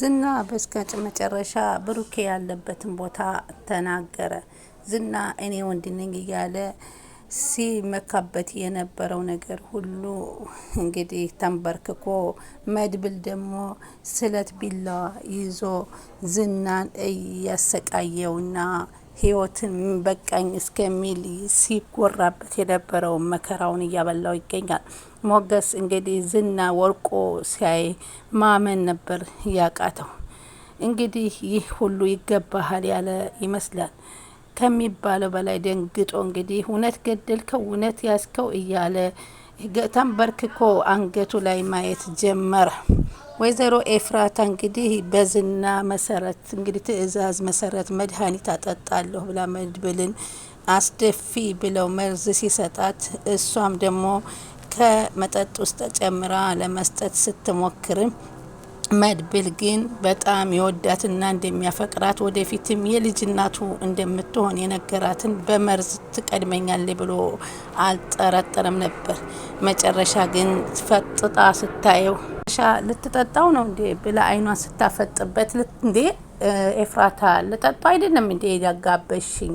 ዝና በስከጭ መጨረሻ ብሩኬ ያለበትን ቦታ ተናገረ። ዝና እኔ ወንድ ነኝ እያለ ሲመካበት የነበረው ነገር ሁሉ እንግዲህ ተንበርክኮ መድብል ደግሞ ስለት ቢላዋ ይዞ ዝናን እያሰቃየውና ህይወትን በቃኝ እስከሚል ሲጎራበት የነበረውን መከራውን እያበላው ይገኛል። ሞገስ እንግዲህ ዝና ወርቆ ሲያይ ማመን ነበር ያቃተው። እንግዲህ ይህ ሁሉ ይገባሃል ያለ ይመስላል ከሚባለው በላይ ደንግጦ እንግዲህ እውነት ገደልከው፣ እውነት ያዝከው እያለ ተንበርክኮ አንገቱ ላይ ማየት ጀመረ። ወይዘሮ ኤፍራታ እንግዲህ በዝና መሰረት እንግዲህ ትዕዛዝ መሰረት መድኃኒት አጠጣለሁ ብላ መድብልን አስደፊ ብለው መርዝ ሲሰጣት እሷም ደግሞ ከመጠጥ ውስጥ ተጨምራ ለመስጠት ስትሞክርም መድብል ግን በጣም የወዳትና እንደሚያፈቅራት ወደፊትም የልጅናቱ እንደምትሆን የነገራትን በመርዝ ትቀድመኛለች ብሎ አልጠረጠረም ነበር። መጨረሻ ግን ፈጥጣ ስታየው ልትጠጣው ነው እንዴ ብላ አይኗን ስታፈጥበት እንዴ ኤፍራታ ልጠጣው አይደለም እንዴ ያጋበሽኝ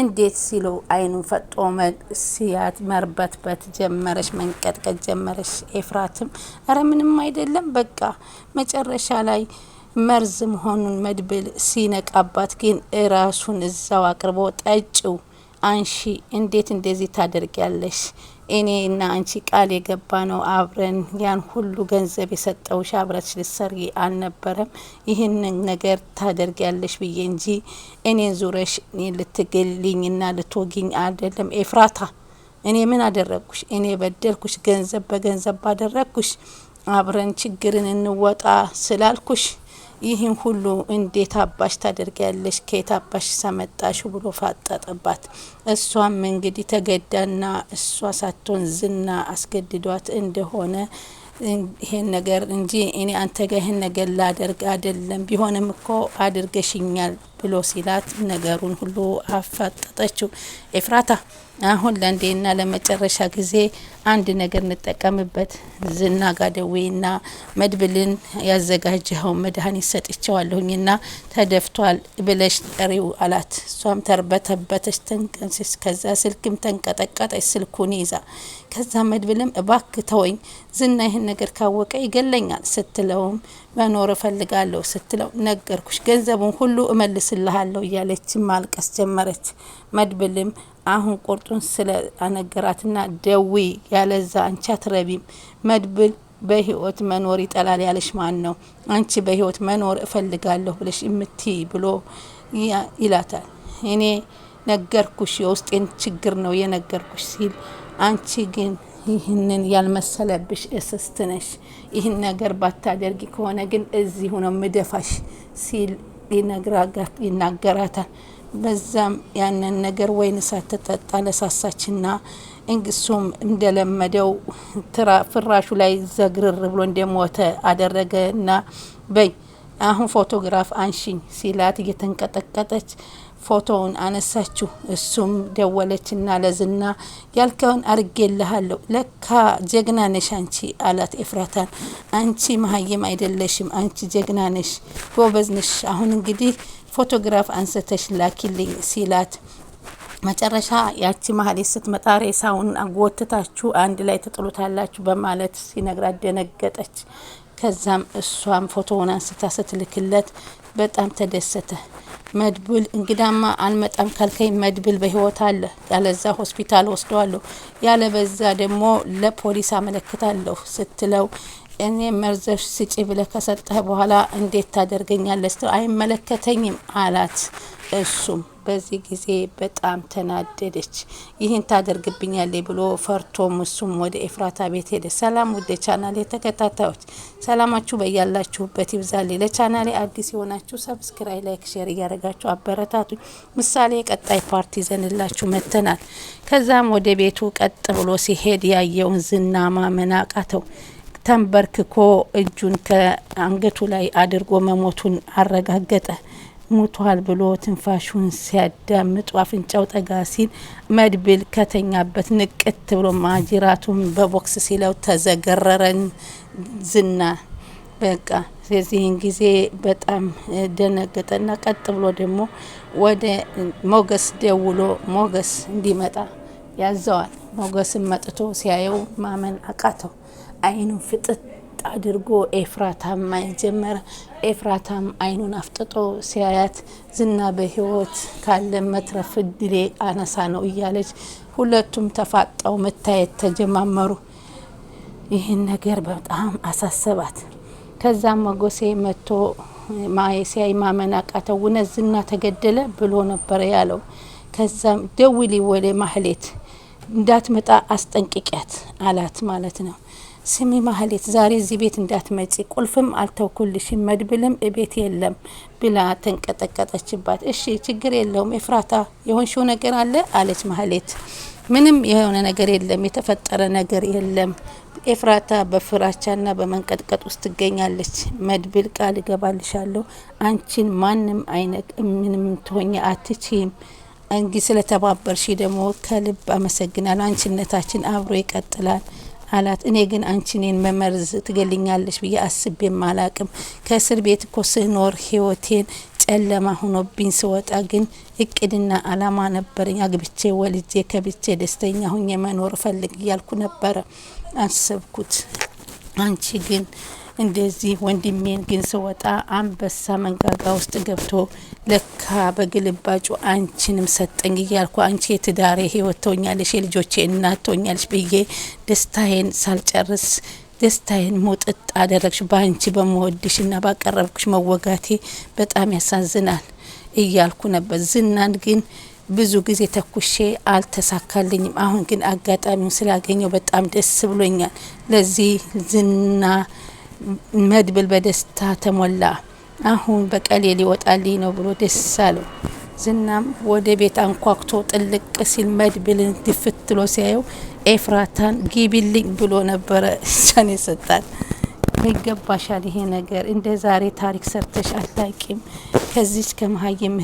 እንዴት ሲሉ አይኑን ፈጦ ሲያት መርበትበት ጀመረች፣ መንቀጥቀጥ ጀመረች። ኤፍራትም እረ ምንም አይደለም በቃ መጨረሻ ላይ መርዝ መሆኑን መድብል ሲነቃባት ግን እራሱን እዛው አቅርቦ ጠጭው አንሺ እንዴት እንደዚህ ታደርጊያለሽ? እኔ እና አንቺ ቃል የገባ ነው አብረን ያን ሁሉ ገንዘብ የሰጠውሽ አብረች ልሰሪ አልነበረም ይህንን ነገር ታደርጊያለሽ ብዬ እንጂ እኔን ዙረሽ እኔን ልትገልኝና ልትወጊኝ አይደለም። ኤፍራታ እኔ ምን አደረግኩሽ? እኔ በደልኩሽ? ገንዘብ በገንዘብ ባደረግኩሽ አብረን ችግርን እንወጣ ስላልኩሽ ይህን ሁሉ እንዴት አባሽ ታደርጊያለሽ? ከየት አባሽ ሰመጣሽ? ብሎ ፋጠጠባት። እሷም እንግዲህ ተገዳና እሷ ሳትሆን ዝና አስገድዷት እንደሆነ ይሄን ነገር እንጂ እኔ አንተ ጋር ይሄን ነገር ላደርግ አይደለም፣ ቢሆንም እኮ አድርገሽኛል ብሎ ሲላት ነገሩን ሁሉ አፋጠጠችው። ኤፍራታ አሁን ለአንዴና ለመጨረሻ ጊዜ አንድ ነገር እንጠቀምበት። ዝና ጋ ደዌና መድብልን ያዘጋጀኸው መድኃኒት ሰጥቼዋለሁኝና ተደፍቷል ብለሽ ጠሪው አላት። እሷም ተርበተበተች። ተንቀንስስ። ከዛ ስልክም ተንቀጠቀጠች ስልኩን ይዛ። ከዛ መድብልም እባክ ተወኝ፣ ዝና ይህን ነገር ካወቀ ይገለኛል ስትለውም መኖር እፈልጋለሁ ስትለው ነገርኩሽ፣ ገንዘቡን ሁሉ እመልስልሃለሁ እያለች ማልቀስ ጀመረች። መድብልም አሁን ቁርጡን ስለ አነገራትና ደዊ ያለዛ አንቺ አትረቢም። መድብል በህይወት መኖር ይጠላል ያለሽ ማን ነው? አንቺ በህይወት መኖር እፈልጋለሁ ብለሽ እምቲ ብሎ ይላታል። እኔ ነገርኩሽ፣ የውስጤን ችግር ነው የነገርኩሽ ሲል አንቺ ግን ይህንን ያልመሰለብሽ እስስት ነሽ። ይህን ነገር ባታደርጊ ከሆነ ግን እዚሁ ነው ምደፋሽ ሲል ይናገራታል። በዛም ያንን ነገር ወይን ሳትጠጣ ለሳሳችና እንግሱም እንደለመደው ፍራሹ ላይ ዘግርር ብሎ እንደሞተ አደረገና በይ አሁን ፎቶግራፍ አንሺኝ ሲላት እየተንቀጠቀጠች ፎቶውን አነሳችሁ። እሱም ደወለችና ለዝና ያልከውን አርጌልሃለሁ ለካ ጀግና ነሽ አንቺ አላት ኤፍራታን። አንቺ መሀይም አይደለሽም፣ አንቺ ጀግና ነሽ፣ ጎበዝ ነሽ። አሁን እንግዲህ ፎቶግራፍ አንስተሽ ላኪልኝ ሲላት መጨረሻ ያቺ መሀሌት ስትመጣ ሬሳውን አጎትታችሁ አንድ ላይ ትጥሉታላችሁ በማለት ሲነግራት ደነገጠች። ከዛም እሷም ፎቶውን አንስታ ስትልክለት በጣም ተደሰተ። መድብል እንግዳማ አልመጣም ካልከኝ መድብል በህይወት አለ፣ ያለዛ ሆስፒታል ወስደዋለሁ፣ ያለበዛ ደግሞ ለፖሊስ አመለክታለሁ ስትለው እኔ መርዘሽ ስጪ ብለ ከሰጠህ በኋላ እንዴት ታደርገኛለህ አይመለከተኝም አላት እሱም በዚህ ጊዜ በጣም ተናደደች። ይህን ታደርግብኛለች ብሎ ፈርቶም እሱም ወደ ኤፍራታ ቤት ሄደ። ሰላም ወደ ቻናሌ ተከታታዮች ሰላማችሁ በያላችሁበት ይብዛል። ለቻናሌ አዲስ የሆናችሁ ሰብስክራይ፣ ላይክ፣ ሼር እያደረጋችሁ አበረታቱ። ምሳሌ ቀጣይ ፓርቲ ይዘንላችሁ መጥተናል። ከዛም ወደ ቤቱ ቀጥ ብሎ ሲሄድ ያየውን ዝና ማመን አቃተው። ተንበርክኮ እጁን ከአንገቱ ላይ አድርጎ መሞቱን አረጋገጠ። ሞቷል ብሎ ትንፋሹን ሲያዳምጡ አፍንጫው ጠጋ ሲል መድብል ከተኛበት ንቅት ብሎ ማጅራቱን በቦክስ ሲለው ተዘገረረን ዝና በቃ የዚህን ጊዜ በጣም ደነገጠና ቀጥ ብሎ ደግሞ ወደ ሞገስ ደውሎ ሞገስ እንዲመጣ ያዘዋል። ሞገስን መጥቶ ሲያየው ማመን አቃተው። አይኑ ፍጥጥ አድርጎ ኤፍራታም ማየት ጀመረ። ኤፍራታም አይኑን አፍጥጦ ሲያያት ዝና በህይወት ካለ መትረፍ እድሌ አነሳ ነው እያለች ሁለቱም ተፋጠው መታየት ተጀማመሩ። ይህን ነገር በጣም አሳሰባት። ከዛም መጎሴ መጥቶ ሲያይ ማመን አቃተው። እውነት ዝና ተገደለ ብሎ ነበረ ያለው። ከዛም ደውሊ ወደ ማህሌት እንዳትመጣ አስጠንቅቂያት አላት ማለት ነው። ስሚ ማህሌት ዛሬ እዚህ ቤት እንዳትመጪ ቁልፍም አልተውኩልሽም መድብልም እቤት የለም ብላ ተንቀጠቀጠችባት። እሺ ችግር የለውም ኤፍራታ፣ የሆንሽው ነገር አለ አለች ማህሌት። ምንም የሆነ ነገር የለም፣ የተፈጠረ ነገር የለም። ኤፍራታ በፍራቻና በመንቀጥቀጥ ውስጥ ትገኛለች። መድብል ቃል እገባልሻለሁ አንቺን ማንም አይነት ምንም ትሆኛ አትችም እንግዲህ ስለተባበርሽ ደግሞ ከልብ አመሰግናለሁ። አንቺነታችን አብሮ ይቀጥላል። አላት። እኔ ግን አንቺ እኔን መመርዝ ትገልኛለሽ ብዬ አስቤም አላቅም። ከእስር ቤት እኮ ስኖር ህይወቴን ጨለማ ሆኖብኝ ስወጣ ግን እቅድና አላማ ነበረኝ። አግብቼ ወልጄ ከብቼ ደስተኛ ሁኜ መኖር እፈልግ እያልኩ ነበረ አሰብኩት። አንቺ ግን እንደዚህ ወንድሜን ግን ስወጣ አንበሳ መንጋጋ ውስጥ ገብቶ ለካ በግልባጩ አንቺንም ሰጠኝ እያልኩ አንቺ የትዳሬ ህይወት ትሆኛለሽ፣ የልጆቼ እናት ትሆኛለሽ ብዬ ደስታዬን ሳልጨርስ ደስታዬን ሙጥጥ አደረግሽ። በአንቺ በመወድሽና ባቀረብኩሽ መወጋቴ በጣም ያሳዝናል እያልኩ ነበር። ዝናን ግን ብዙ ጊዜ ተኩሼ አልተሳካልኝም። አሁን ግን አጋጣሚውን ስላገኘው በጣም ደስ ብሎኛል። ለዚህ ዝና መድብል በደስታ ተሞላ። አሁን በቀሌ ሊወጣልኝ ነው ብሎ ደስ አለው። ዝናም ወደ ቤት አንኳኩቶ ጥልቅ ሲል መድብልን ድፍት ሲያየው ኤፍራታን ግቢልኝ ብሎ ነበረ እሷን የሰጣት። ይገባሻል፣ ይሄ ነገር እንደ ዛሬ ታሪክ ሰርተሽ አታቂም፣ ከዚች ከመሀይም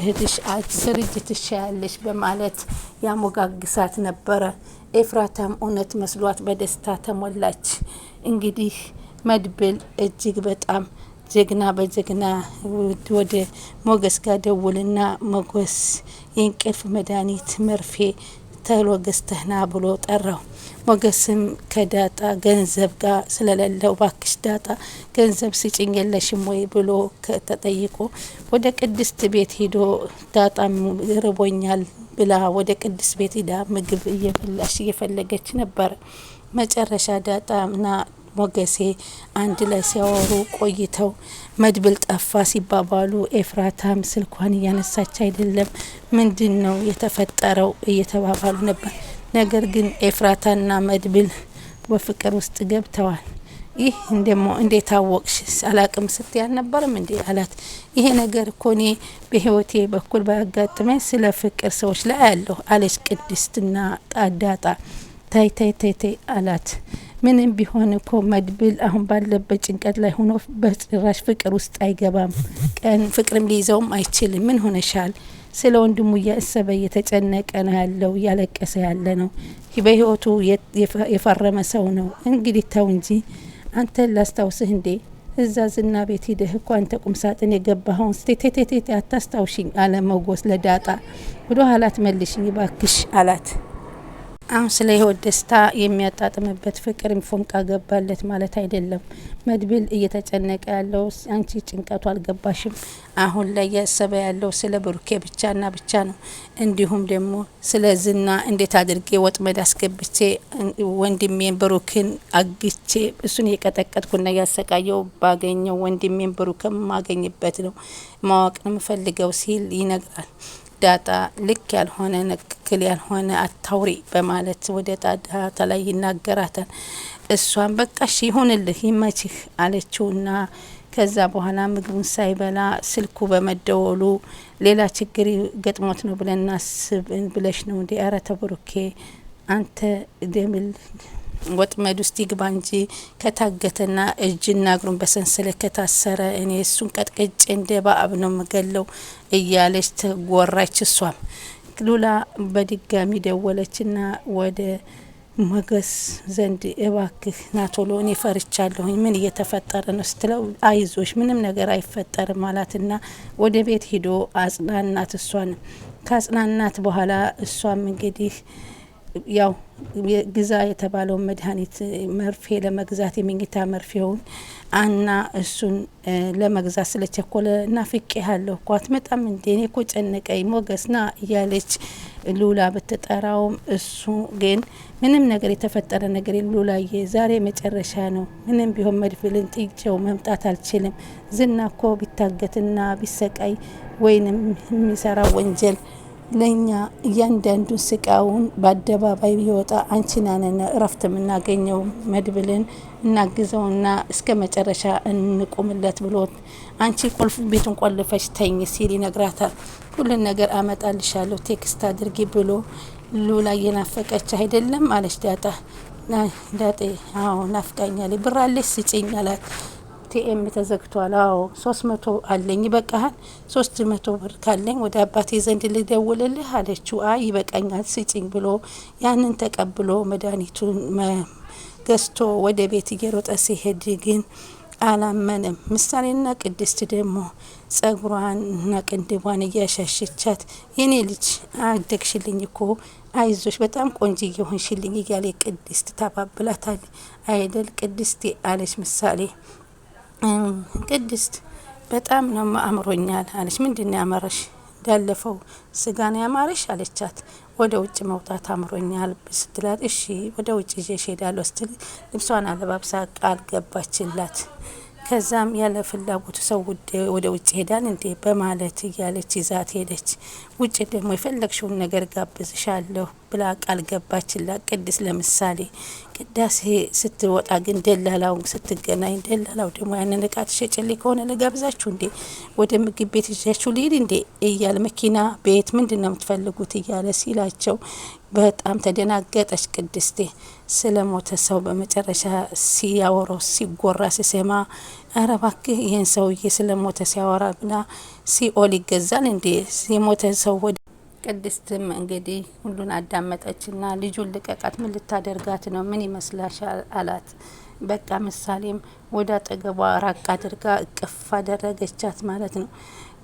እህትሽ ስርጅ ትሻያለሽ በማለት ያሞጋግሳት ነበረ። ኤፍራታም እውነት መስሏት በደስታ ተሞላች። እንግዲህ መድብል እጅግ በጣም ጀግና በጀግና ወደ ሞገስ ጋር ደውልና ሞገስ የእንቅልፍ መድኃኒት መርፌ ተሎ ገዝተህና ብሎ ጠራው። ሞገስም ከዳጣ ገንዘብ ጋር ስለሌለው ባክሽ ዳጣ ገንዘብ ስጭኝ የለሽም ወይ ብሎ ተጠይቆ ወደ ቅድስት ቤት ሂዶ ዳጣም ርቦኛል ብላ ወደ ቅድስት ቤት ሂዳ ምግብ እየበላሽ እየፈለገች ነበር። መጨረሻ ዳጣና ሞገሴ አንድ ላይ ሲያወሩ ቆይተው መድብል ጠፋ ሲባባሉ ኤፍራታም ስልኳን እያነሳች አይደለም፣ ምንድን ነው የተፈጠረው እየተባባሉ ነበር። ነገር ግን ኤፍራታና መድብል በፍቅር ውስጥ ገብተዋል። ይህ እንደሞ እንዴት አወቅሽ? አላቅም ስትይ አልነበርም እንዴ አላት። ይሄ ነገር እኮ እኔ በህይወቴ በኩል ባያጋጥመኝ ስለ ፍቅር ሰዎች ላይ አለሁ አለች ቅድስትና ጣዳጣ ታይ ታይ ታይ ታይ አላት። ምንም ቢሆን እኮ መድብል አሁን ባለበት ጭንቀት ላይ ሆኖ በጭራሽ ፍቅር ውስጥ አይገባም። ቀን ፍቅርም ሊይዘውም አይችልም። ምን ሆነሻል? ስለ ወንድሙ እያሰበ እየተጨነቀ ነው ያለው፣ እያለቀሰ ያለ ነው። በህይወቱ የፈረመ ሰው ነው። እንግዲህ ተው እንጂ አንተን ላስታውስህ እንዴ እዛ ዝና ቤት ሂደህ እኮ አንተ ቁም ሳጥን የገባኸውን ስቴቴቴቴ አታስታውሽኝ አለ ሞገስ ለዳጣ። ወደ ኋላት መልሽኝ ባክሽ አላት። አሁን ስለ ህይወት ደስታ የሚያጣጥምበት ፍቅር ፎምቃ ገባለት ማለት አይደለም። መድብል እየተጨነቀ ያለው አንቺ ጭንቀቱ አልገባሽም። አሁን ላይ ያሰበ ያለው ስለ ብሩኬ ብቻና ብቻ ነው። እንዲሁም ደግሞ ስለ ዝና እንዴት አድርጌ ወጥመድ አስገብቼ ወንድሜን ብሩክን አግቼ እሱን እየቀጠቀጥኩና እያሰቃየው ባገኘው ወንድሜን ብሩክ ማገኝበት ነው ማወቅ ነው ሲል ይነግራል። ዳጣ ልክ ያልሆነ ንክክል ያልሆነ አታውሪ በማለት ወደ ዳጣ ላይ ይናገራታል። እሷን በቃ እሺ ይሁንልህ ይመችህ አለችውና ከዛ በኋላ ምግቡን ሳይበላ ስልኩ በመደወሉ ሌላ ችግር ገጥሞት ነው ብለን እናስብ ብለሽ ነው እንዲ ያረተ ብሩኬ አንተ ደምል ወጥመድ ውስጥ ይግባ እንጂ ከታገተና እጅና እግሩን በሰንሰለት ከታሰረ እኔ እሱን ቀጥቅጬ እንደ ባዕብ ነው ምገለው እያለች ተጎራች። እሷም ሉላ በድጋሚ ደወለችና ወደ ሞገስ ዘንድ እባክህ ናቶሎ እኔ ፈርቻለሁኝ፣ ምን እየተፈጠረ ነው ስትለው፣ አይዞሽ ምንም ነገር አይፈጠርም አላትና ወደ ቤት ሂዶ አጽናናት። እሷንም ከአጽናናት በኋላ እሷም እንግዲህ ያው ግዛ የተባለውን መድኃኒት መርፌ ለመግዛት የመኝታ መርፌውን አና እሱን ለመግዛት ስለቸኮለ ናፍቄ ያለሁ እኮ አትመጣም እንዴ እኔ እኮ ጨነቀኝ ሞገስ ና እያለች ሉላ ብትጠራውም እሱ ግን ምንም ነገር የተፈጠረ ነገር ሉላዬ ዛሬ መጨረሻ ነው፣ ምንም ቢሆን መድፍልን ጥጀው መምጣት አልችልም። ዝና እኮ ቢታገትና ቢሰቃይ ወይንም የሚሰራ ወንጀል ለእኛ እያንዳንዱን ስቃውን በአደባባይ ቢወጣ አንቺናነነ እረፍት የምናገኘው መድብልን እናግዘውና እስከ መጨረሻ እንቁምለት ብሎት አንቺ ቁልፍ ቤቱን ቆልፈች ተኝ ሲል ይነግራታል። ሁሉን ነገር አመጣልሻለሁ ቴክስት አድርጊ ብሎ ሉላ እየናፈቀች አይደለም አለች ዳጣ። ዳጤ አዎ ናፍቃኛለች፣ ብራለች ስጪኝ አላት። ኤቲኤም ተዘግቷል። አዎ ሶስት መቶ አለኝ ይበቃሃል፣ ሶስት መቶ ብር ካለኝ ወደ አባቴ ዘንድ ልደውልልህ አለችው። አይ ይበቃኛል ስጪኝ ብሎ ያንን ተቀብሎ መድኃኒቱን ገዝቶ ወደ ቤት እየሮጠ ሲሄድ ግን አላመነም። ምሳሌና ቅድስት ደግሞ ጸጉሯንና ቅንድቧን እያሻሸቻት የኔ ልጅ አደግሽልኝ እኮ አይዞሽ በጣም ቆንጆ እየሆንሽልኝ እያለ ቅድስት ታባብላታል። አይደል ቅድስቴ አለች ምሳሌ ቅድስት በጣም ነው አምሮኛል አለች። ምንድን ነው ያመረሽ? ያለፈው ስጋ ነው ያማረሽ አለቻት። ወደ ውጭ መውጣት አምሮኛል ስትላት፣ እሺ ወደ ውጭ ይዤሽ እሄዳለሁ ስትል ልብሷን አለባብሳ ቃል ገባችላት። ከዛም ያለ ፍላጎቱ ሰው ወደ ውጭ ሄዳል እንዴ በማለት እያለች ይዛት ሄደች። ውጭ ደግሞ የፈለግሽውን ነገር ጋብዝሻለሁ ብላ ቃል ገባችላት ቅድስ ለምሳሌ። ቅዳሴ ስትወጣ ግን ደላላው ስትገናኝ፣ ደላላው ደግሞ ያንን እቃ ትሸጭልኝ ከሆነ ልጋብዛችሁ እንዴ ወደ ምግብ ቤት ይዣችሁ ልሂድ እንዴ እያለ መኪና፣ ቤት ምንድን ነው የምትፈልጉት እያለ ሲላቸው በጣም ተደናገጠች ቅድስቴ። ስለ ሞተ ሰው በመጨረሻ ሲያወራ ሲጎራ ሲሰማ ኧረ እባክህ ይህን ሰውዬ ስለ ሞተ ሲያወራ ብላ ሲኦል ይገዛል እንዴ የሞተ ሰው ወደ ቅድስትም እንግዲህ ሁሉን አዳመጠችና ልጁን ልቀቃት፣ ምን ልታደርጋት ነው? ምን ይመስላሻል አላት። በቃ ምሳሌም ወደ አጠገቧ ራቅ አድርጋ እቅፍ አደረገቻት ማለት ነው።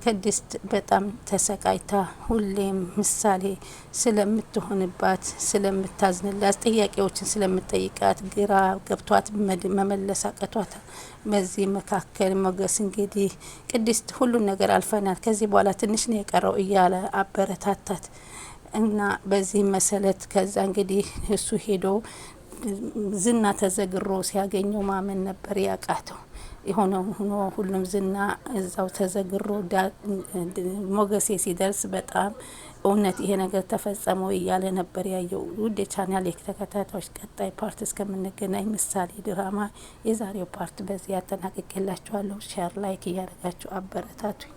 ቅድስት በጣም ተሰቃይታ ሁሌም ምሳሌ ስለምትሆንባት ስለምታዝንላት፣ ጥያቄዎችን ስለምጠይቃት ግራ ገብቷት መመለስ አቀቷት። በዚህ መካከል ሞገስ እንግዲህ ቅድስት ሁሉን ነገር አልፈናል፣ ከዚህ በኋላ ትንሽ ነው የቀረው እያለ አበረታታት እና በዚህ መሰረት ከዛ እንግዲህ እሱ ሄዶ ዝና ተዘግሮ ሲያገኘው ማመን ነበር ያቃተው። የሆነውን ሆኖ ሁሉም ዝና እዛው ተዘግሮ ሞገሴ ሲደርስ በጣም እውነት ይሄ ነገር ተፈጸመው እያለ ነበር ያየው። ውድ የቻናል ተከታታዮች ቀጣይ ፓርት እስከምንገናኝ ምሳሌ ድራማ የዛሬው ፓርት በዚህ ያጠናቅቅላችኋለሁ። ሸር ላይክ እያደረጋችሁ አበረታቱ።